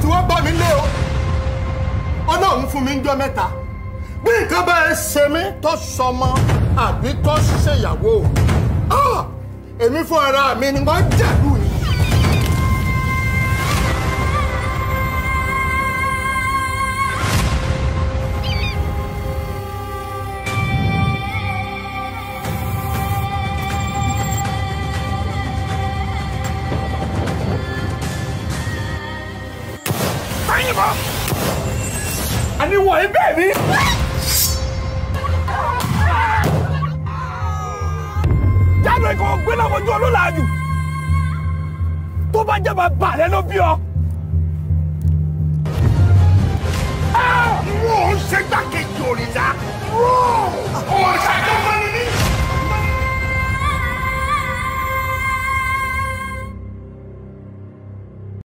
tí wọ́n bá mi lé o ọlọ́run fún mi ń jọ́ mẹ́ta bí nǹkan bá ẹ ṣe mí tó sọmọ àbí tó ṣèyàwó ah! èmi fún ara mi ni wọ́n jẹ̀lú yìnbọn. àníwọ̀ ẹgbẹ́ mi. jáde kò gbé lọ́kọ̀ọ́jú ọlọ́làájú tó bá jẹ́ bàbá rẹ ló bí ọ.